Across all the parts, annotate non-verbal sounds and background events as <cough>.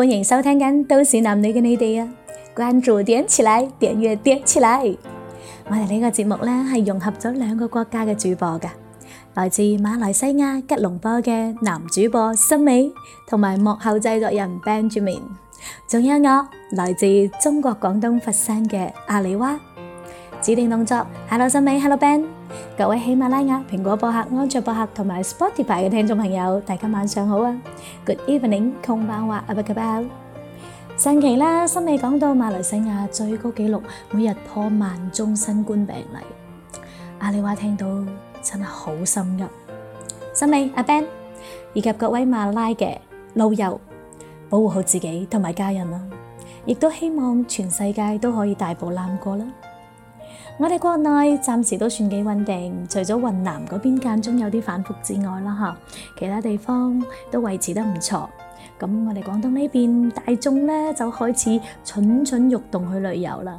歡迎收聽緊都市男女嘅你哋啊，關注點起來，訂閱點起來。我哋呢個節目呢係，融合咗兩個國家嘅主播嘅，來自馬來西亞吉隆坡嘅男主播森美，同埋幕後製作人 Benjamin，仲有我，來自中國廣東佛山嘅阿里娃。指定動作，Hello，森美，Hello，Ben，各位喜馬拉雅、蘋果播客、安卓播客同埋 Spotify 嘅聽眾朋友，大家晚上好啊，Good evening，空班話阿伯嘅包。上期啦，森美講到馬來西亞最高紀錄每日破萬宗新冠病例，啊呢話聽到真係好心急。森美阿 Ben，以及各位馬拉嘅老友，保護好自己同埋家人啊，亦都希望全世界都可以大步檻過啦。我哋國內暫時都算幾穩定，除咗雲南嗰邊間中有啲反覆之外啦，吓，其他地方都維持得唔錯。咁我哋廣東呢邊大眾咧就開始蠢蠢欲動去旅遊啦。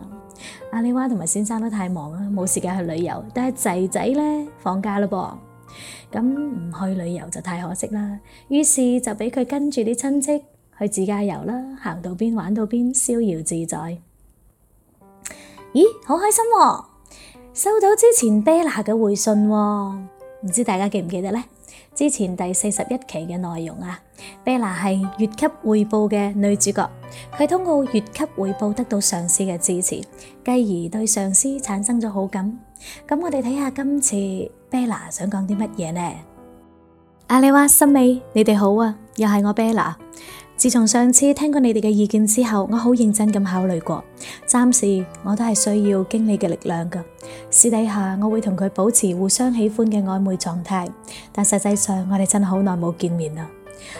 阿麗娃同埋先生都太忙啦，冇時間去旅遊，但係仔仔咧放假啦噃，咁唔去旅遊就太可惜啦。於是就俾佢跟住啲親戚去自駕遊啦，行到邊玩到邊，逍遙自在。咦，好開心喎！收到之前 Bella 嘅回信，唔知大家記唔記得呢？之前第四十一期嘅內容啊，Bella 係越級匯報嘅女主角，佢通過越級匯報得到上司嘅支持，繼而對上司產生咗好感。咁我哋睇下今次 Bella 想講啲乜嘢呢？阿里話森美，你哋好啊，又係我 Bella。自從上次聽過你哋嘅意見之後，我好認真咁考慮過。暫時我都係需要經理嘅力量㗎。私底下我會同佢保持互相喜歡嘅曖昧狀態，但實際上我哋真係好耐冇見面啦。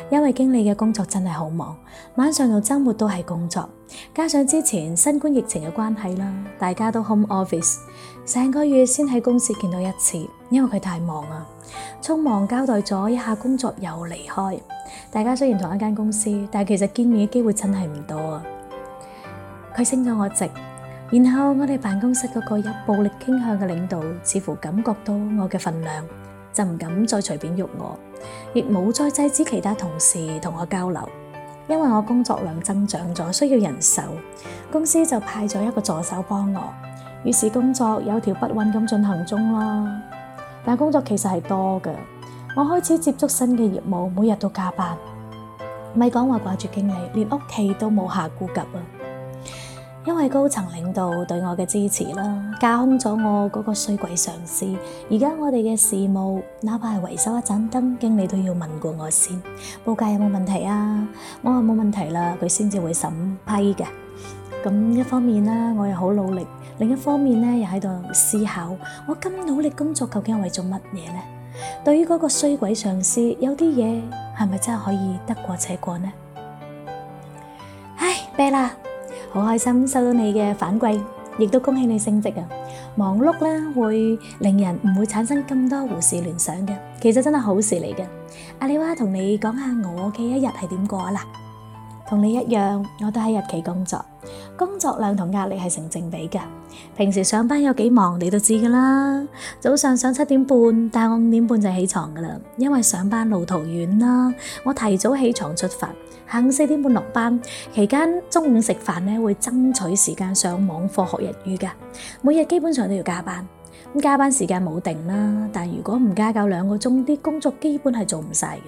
因為經理嘅工作真係好忙，晚上到周末都係工作，加上之前新冠疫情嘅關係啦，大家都 home office，成個月先喺公司見到一次，因為佢太忙啊，匆忙交代咗一下工作又離開。大家雖然同一間公司，但其實見面嘅機會真係唔多啊。佢升咗我職，然後我哋辦公室嗰個有暴力傾向嘅領導，似乎感覺到我嘅份量。就唔敢再隨便喐我，亦冇再制止其他同事同我交流，因為我工作量增長咗，需要人手，公司就派咗一個助手幫我，於是工作有條不紊咁進行中啦。但工作其實係多嘅，我開始接觸新嘅業務，每日都加班，咪講話掛住經理，連屋企都冇暇顧及。因為高層領導對我嘅支持啦，架空咗我嗰個衰鬼上司。而家我哋嘅事務，哪怕係維修一盞燈，經理都要問過我先，報價有冇問題啊？我話冇問題啦，佢先至會審批嘅。咁一方面啦，我又好努力；另一方面呢，又喺度思考，我咁努力工作究竟為咗乜嘢呢？對於嗰個衰鬼上司，有啲嘢係咪真係可以得過且過呢？唉，弊喇。好開心收到你嘅反饋，亦都恭喜你升職啊！忙碌啦，會令人唔會產生咁多胡思亂想嘅，其實真係好事嚟嘅。阿麗娃同你講下我嘅一日係點過啊嗱。同你一樣，我都喺日企工作，工作量同壓力係成正比嘅。平時上班有幾忙，你都知㗎啦。早上上七點半，但我五點半就起床㗎喇，因為上班路途遠啦，我提早起床出發。下午四點半落班，期間中午食飯呢會爭取時間上網課學日語嘅。每日基本上都要加班，咁加班時間冇定啦。但如果唔加夠兩個鐘，啲工作基本係做唔曬嘅。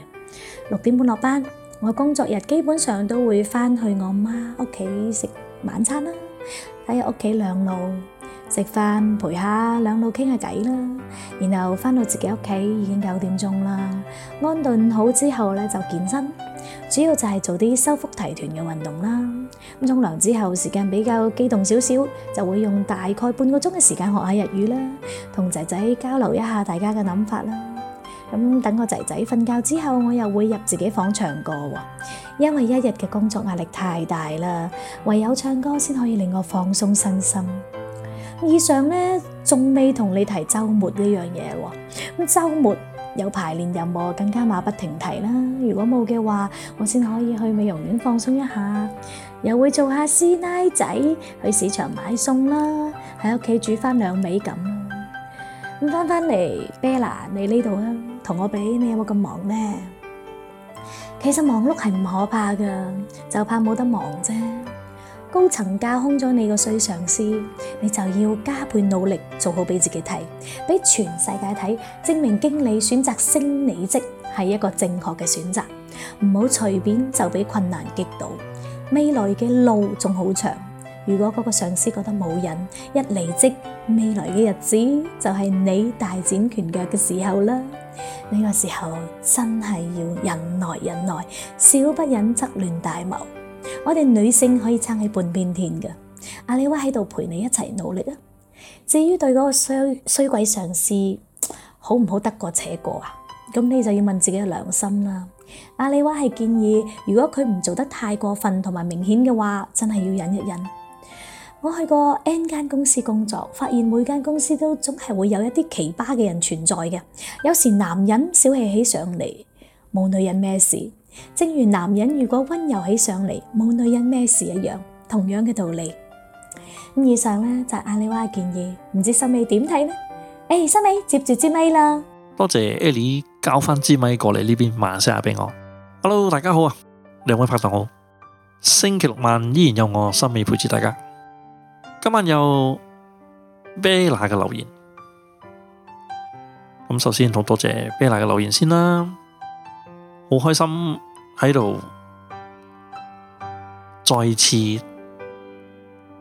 六點半落班。我工作日基本上都會翻去我媽屋企食晚餐啦，喺屋企兩老食飯，陪下兩老傾下偈啦，然後翻到自己屋企已經九點鐘啦，安頓好之後咧就健身，主要就係做啲收腹提臀嘅運動啦。咁沖涼之後時間比較機動少少，就會用大概半個鐘嘅時、時間學下日語啦，同仔仔交流一下大家嘅諗法啦。咁等我仔仔瞓覺之後，我又會入自己房唱歌喎，因為一日嘅工作壓力太大啦，唯有唱歌先可以令我放鬆身心。以上呢，仲未同你提週末呢樣嘢喎，咁週末有排練任務更加馬不停蹄啦。如果冇嘅話，我先可以去美容院放鬆一下，又會做下師奶仔去市場買餸啦，喺屋企煮返兩味咁啦。咁翻返嚟，Bella 你呢度啊？同我比，你有冇咁忙呢？其實忙碌係唔可怕噶就怕冇得忙啫。高層架空咗你個衰上司，你就要加倍努力做好俾自己睇，俾全世界睇，證明經理選擇升你職係一個正確嘅選擇。唔好隨便就俾困難激到，未來嘅路仲好長。如果嗰個上司覺得冇忍，一離職，未來嘅日子就係你大展拳腳嘅時候啦。呢個時候真係要忍耐，忍耐，小不忍則亂大謀。我哋女性可以撐起半邊天噶。阿里話喺度陪你一齊努力啊。至於對嗰個衰衰鬼上司，好唔好得過且過啊？咁你就要問自己嘅良心啦。阿里話係建議，如果佢唔做得太過分同埋明顯嘅話，真係要忍一忍。我去過 n 間公司工作，發現每間公司都總係會有一啲奇葩嘅人存在嘅。有時男人小氣起上嚟冇女人咩事，正如男人如果温柔起上嚟冇女人咩事一樣，同樣嘅道理。咁以上咧就係阿李娃嘅建議，唔知心美點睇咧？誒，心美接住支咪啦，多謝 Ellie 交翻支咪過嚟呢邊，慢聲下俾我。Hello，大家好啊，兩位拍檔好，星期六晚依然有我心美陪住大家。今晚有 Bella 嘅留言，咁首先好多謝 Bella 嘅留言先啦，好開心喺度再次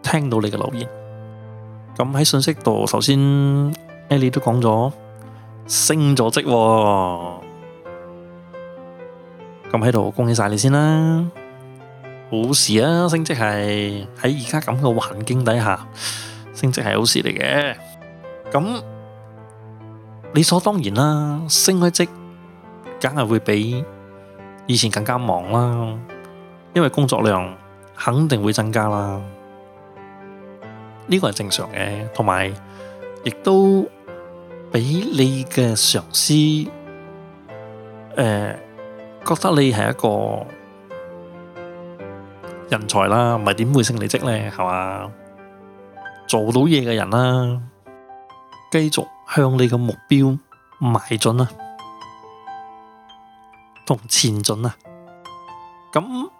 聽到你嘅留言。咁喺信息度，首先 Ellie 都講咗升咗職哦，咁喺度恭喜晒你先啦。好事啊，升職係喺而家咁個環境底下，升職係好事嚟嘅。咁理所當然啦，升開職梗係會比以前更加忙啦，因為工作量肯定會增加啦。呢個係正常嘅，同埋亦都俾你嘅上司誒覺得你係一個。人才啦，唔係點會升你職咧，係嘛？做到嘢嘅人啦，繼續向你嘅目標邁進啊，同前進啊。咁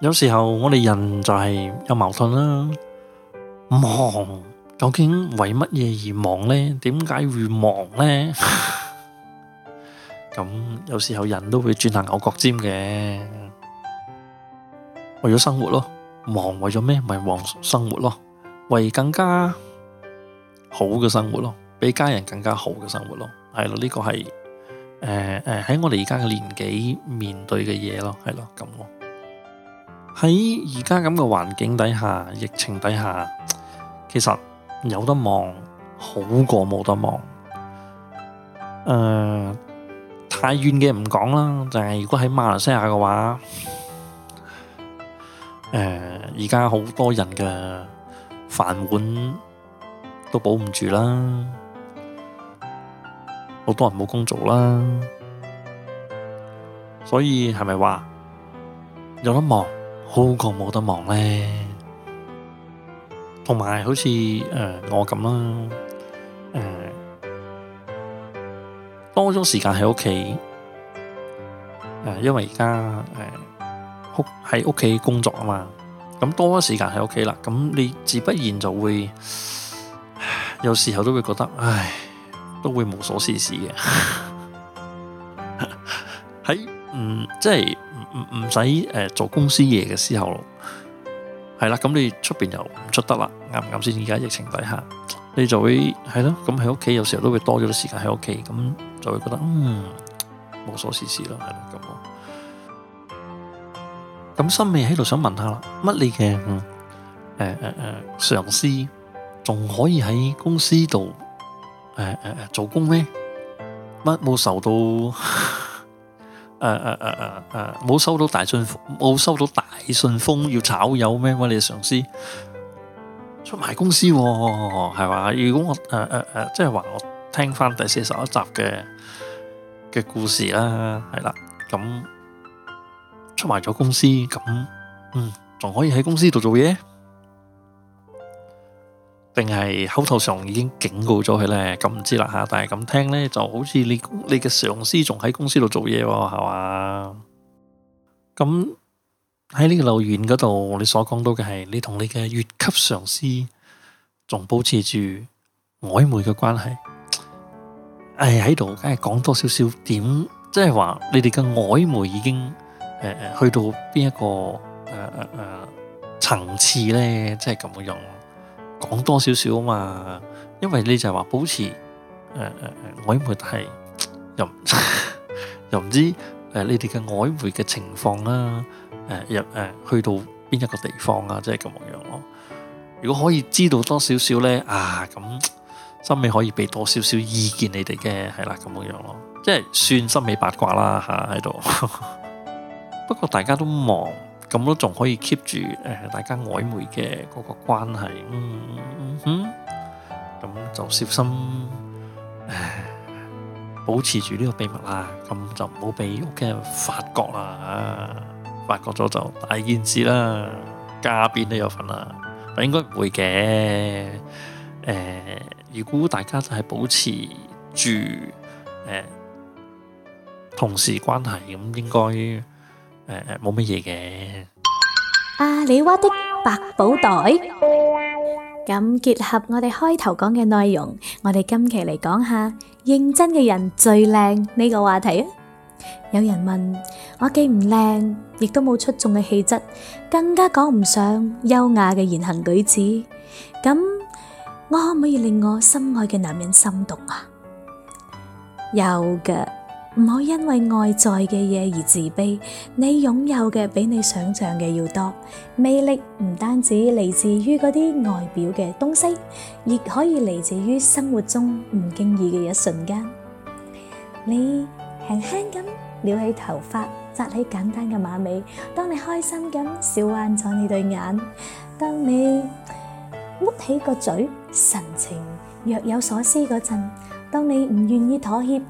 有時候我哋人就係有矛盾啦。忙，究竟為乜嘢而忙咧？點解會忙咧？咁有時候人都會轉下牛角尖嘅。為咗生活咯，忙為咗咩？咪忙生活咯，為更加好嘅生活咯，俾家人更加好嘅生活咯，係咯，呢個係誒，誒，喺我哋而家嘅年紀面對嘅嘢咯，係咯咁喎。喺而家咁嘅環境底下，疫情底下，其實有得忙好過冇得忙。誒、呃，太遠嘅唔講啦，但係如果喺馬來西亞嘅話。誒，而家好多人嘅飯碗都保唔住啦，好多人冇工做啦，所以係咪話有得忙好過冇得忙咧？同埋好似誒我咁啦，誒、呃、多咗時間喺屋企，誒、呃、因為而家誒。呃喺屋企工作啊嘛，咁多咗時間喺屋企啦，咁你自不然就會有時候都會覺得，唉，都會無所事事嘅。喺唔即係唔唔唔使誒做公司嘢嘅時候，係啦，咁你出邊又唔出得啦，啱唔啱先？而家疫情底下，你就會係咯，咁喺屋企有時候都會多咗啲時間喺屋企，咁就會覺得嗯無所事事咯，係咯咁。咁心尾喺度想問下啦，乜你嘅誒誒誒上司仲可以喺公司度誒誒誒做工咩？乜冇受到誒誒誒誒誒冇收到大信冇收到大信封要炒魷咩？乜你嘅上司出賣公司喎、啊，係嘛？如果我誒誒誒即係話我聽翻第四十一集嘅嘅故事啦、啊，係啦，咁。出賣咗公司咁，嗯，仲可以喺公司度做嘢？定係口頭上已經警告咗佢咧？咁唔知啦吓，但係咁聽咧，就好似你你嘅上司仲喺公司度做嘢喎，係嘛？咁喺呢個留言嗰度，你所講到嘅係你同你嘅越級上司仲保持住曖昧嘅關係。誒，喺度梗係講多少少點，即係話你哋嘅曖昧已經。誒誒，去到邊一個誒誒誒層次咧，即係咁樣講多少少啊嘛。因為你就係話保持誒誒誒曖昧，係、呃呃、又 <laughs> 又唔知誒、呃、你哋嘅曖昧嘅情況啦、啊，誒入誒去到邊一個地方啊，即係咁樣咯。如果可以知道多少少咧啊，咁心尾可以俾多少少意見你哋嘅係啦，咁樣咯，即係算心尾八卦啦吓喺度。啊 <laughs> 不過大家都忙，咁都仲可以 keep 住誒，大家曖昧嘅嗰個關係，咁、嗯嗯嗯嗯、就小心保持住呢個秘密啦。咁就唔好俾屋企人發覺啦、啊，發覺咗就大件事啦，家變都有份啦。應該唔會嘅，誒、呃，如果大家就係保持住誒、呃、同事關係，咁應該。冇乜嘢嘅。阿里娃的百寶袋。咁結合我哋開頭講嘅內容，我哋今期嚟講下認真嘅人最靚呢個話題啊。有人問我幾唔靚，亦都冇出眾嘅氣質，更加講唔上優雅嘅言行舉止，咁我可唔可以令我心愛嘅男人心動啊？有㗎。唔好因為外在嘅嘢而自卑，你擁有嘅比你想象嘅要多。魅力唔單止嚟自於嗰啲外表嘅東西，亦可以嚟自於生活中唔經意嘅一瞬間。你輕輕咁撩起頭髮，紮起簡單嘅馬尾；當你開心咁笑彎咗你對眼；當你撅起個嘴，神情若有所思嗰陣；當你唔願意妥協。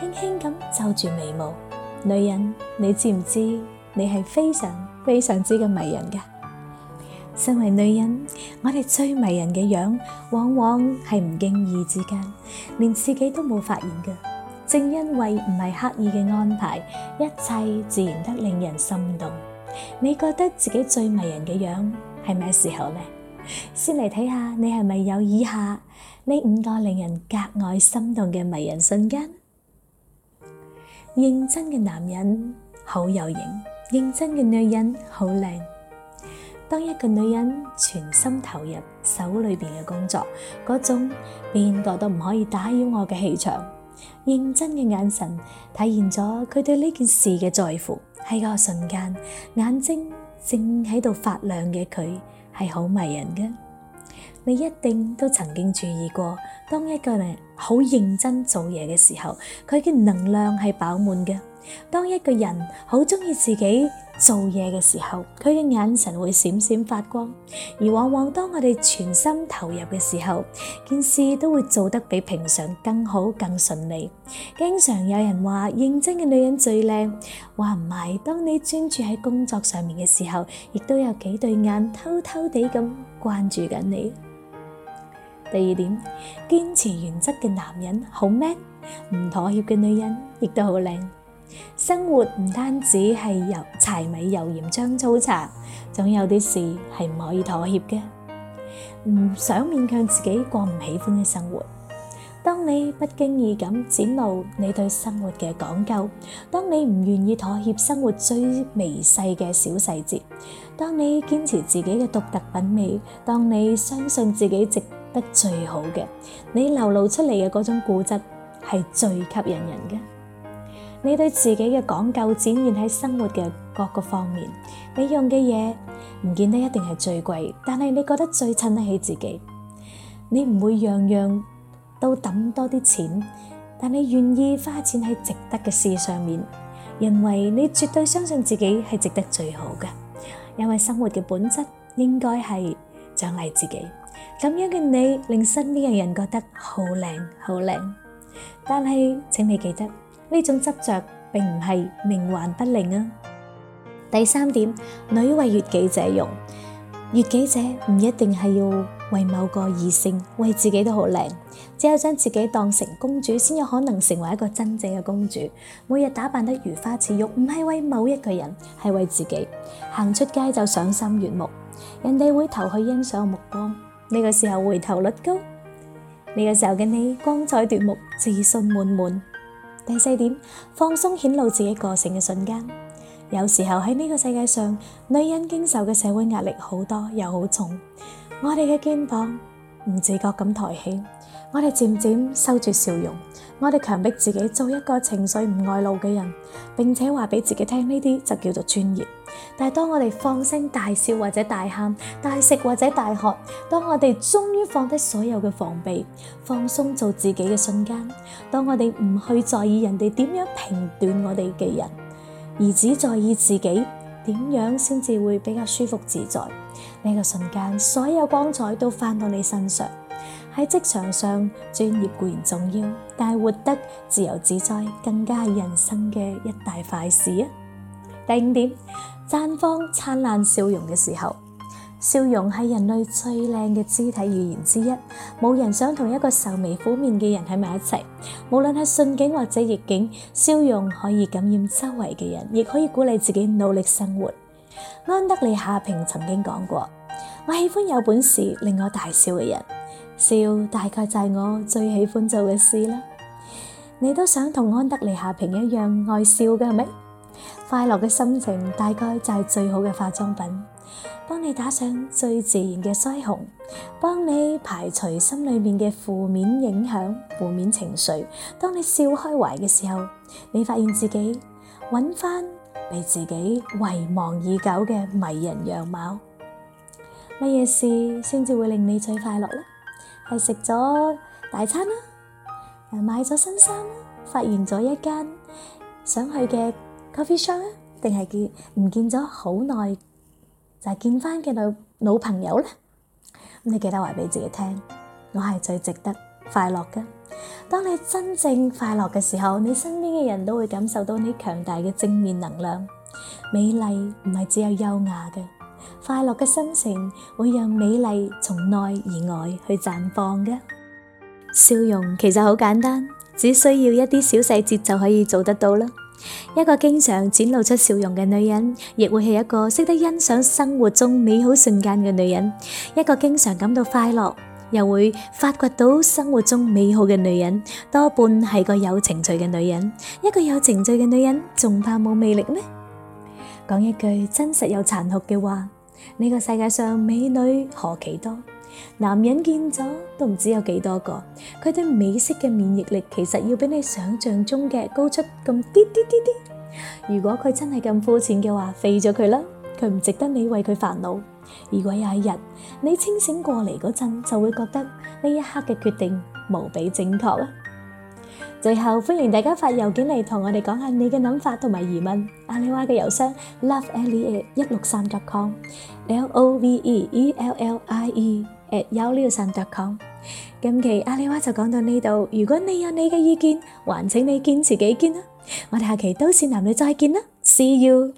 輕輕咁皺住眉毛，女人，你知唔知你係非常非常之嘅迷人嘅？身為女人，我哋最迷人嘅樣，往往係唔經意之間，連自己都冇發現嘅。正因為唔係刻意嘅安排，一切自然得令人心動。你覺得自己最迷人嘅樣係咩時候呢？先嚟睇下，你係咪有以下呢五個令人格外心動嘅迷人瞬間？認真嘅男人好有型，認真嘅女人好靚。當一個女人全心投入手裏邊嘅工作，嗰種邊個都唔可以打擾我嘅氣場。認真嘅眼神體現咗佢對呢件事嘅在乎，喺嗰個瞬間眼睛正喺度發亮嘅佢係好迷人嘅。你一定都曾經注意過，當一個人好認真做嘢嘅時候，佢嘅能量係飽滿嘅；當一個人好鍾意自己做嘢嘅時候，佢嘅眼神會閃閃發光。而往往當我哋全心投入嘅時候，件事都會做得比平常更好、更順利。經常有人話認真嘅女人最靚，話唔係？當你專注喺工作上面嘅時候，亦都有幾對眼偷偷地咁關注緊你。第二點，堅持原則嘅男人好 man，唔妥協嘅女人亦都好靚。生活唔單止係由柴米油鹽醬醋茶，總有啲事係唔可以妥協嘅，唔想勉強自己過唔喜歡嘅生活。當你不經意咁展露你對生活嘅講究，當你唔願意妥協生活最微細嘅小細節，當你堅持自己嘅獨特品味，當你相信自己值得最好嘅，你流露出嚟嘅嗰種固執係最吸引人嘅。你對自己嘅講究展現喺生活嘅各個方面，你用嘅嘢唔見得一定係最貴，但係你覺得最襯得起自己。你唔會樣樣都抌多啲錢，但你願意花錢喺值得嘅事上面，因為你絕對相信自己係值得最好嘅，因為生活嘅本質應該係獎勵自己。咁樣嘅你令身邊嘅人覺得好靚，好靚。但係，請你記得呢種執着並唔係冥頑不靈啊。第三點，女為悅己者容，悅己者唔一定係要為某個異性，為自己都好靚。只有將自己當成公主，先有可能成為一個真正嘅公主。每日打扮得如花似玉，唔係為某一個人，係為自己。行出街就賞心悅目，人哋會投去欣賞目光。呢個時候回頭率高，呢、這個時候嘅你光彩奪目，自信滿滿。第四點，放鬆顯露自己個性嘅瞬間。有時候喺呢個世界上，女人經受嘅社會壓力好多又好重，我哋嘅肩膀。唔自覺咁抬起，我哋漸漸收住笑容，我哋強迫自己做一個情緒唔外露嘅人，並且話俾自己聽，呢啲就叫做專業。但係當我哋放聲大笑或者大喊，大食或者大喝，當我哋終於放低所有嘅防備，放鬆做自己嘅瞬間，當我哋唔去在意人哋點樣評斷我哋嘅人，而只在意自己點樣先至會比較舒服自在。呢個瞬間，所有光彩都翻到你身上。喺職場上，專業固然重要，但係活得自由自在，更加係人生嘅一大快事啊！第五點，綻放燦爛笑容嘅時候，笑容係人類最靚嘅肢體語言之一。冇人想同一個愁眉苦面嘅人喺埋一齊。無論係順境或者逆境，笑容可以感染周圍嘅人，亦可以鼓勵自己努力生活。安德里夏平曾經講過。我喜歡有本事令我大笑嘅人，笑大概就係我最喜歡做嘅事啦。你都想同安德利夏平一樣愛笑嘅係咪？快樂嘅心情大概就係最好嘅化妝品，幫你打上最自然嘅腮紅，幫你排除心裏面嘅負面影響、負面情緒。當你笑開懷嘅時候，你發現自己揾翻被自己遺忘已久嘅迷人樣貌。乜嘢事先至會令你最快樂咧？係食咗大餐啦，啊，又買咗新衫啦，啊，發現咗一間想去嘅咖啡商啦，啊，定係見唔、就是，見咗好耐就係見翻嘅老老朋友咧？咁你記得話俾自己聽，我係最值得快樂嘅。當你真正快樂嘅時候，你身邊嘅人都會感受到你強大嘅正面能量。美麗唔係只有優雅嘅。快樂嘅心情會讓美麗從內而外去綻放嘅。笑容其實好簡單，只需要一啲小細節就可以做得到啦。一個經常展露出笑容嘅女人，亦會係一個識得欣賞生活中美好瞬間嘅女人。一個經常感到快樂，又會發掘到生活中美好嘅女人，多半係個有情趣嘅女人。一個有情趣嘅女人，仲怕冇魅力咩？講一句真實又殘酷嘅話。呢個世界上美女何其多，男人見咗都唔知有幾多個。佢對美色嘅免疫力其實要比你想象中嘅高出咁啲啲啲啲。如果佢真係咁膚淺嘅話，飛咗佢啦，佢唔值得你為佢煩惱。如果有一日你清醒過嚟嗰陣，就會覺得呢一刻嘅決定無比正確啦。最後歡迎大家發郵件嚟同我哋講下你嘅諗法同埋疑問。阿里娃嘅郵箱 loveellie@163.com，L O V E E L L I E@163.com。今期阿里娃就講到呢度，如果你有你嘅意見，還請你堅持己見啊。我哋下期都市男女再見啦，See you。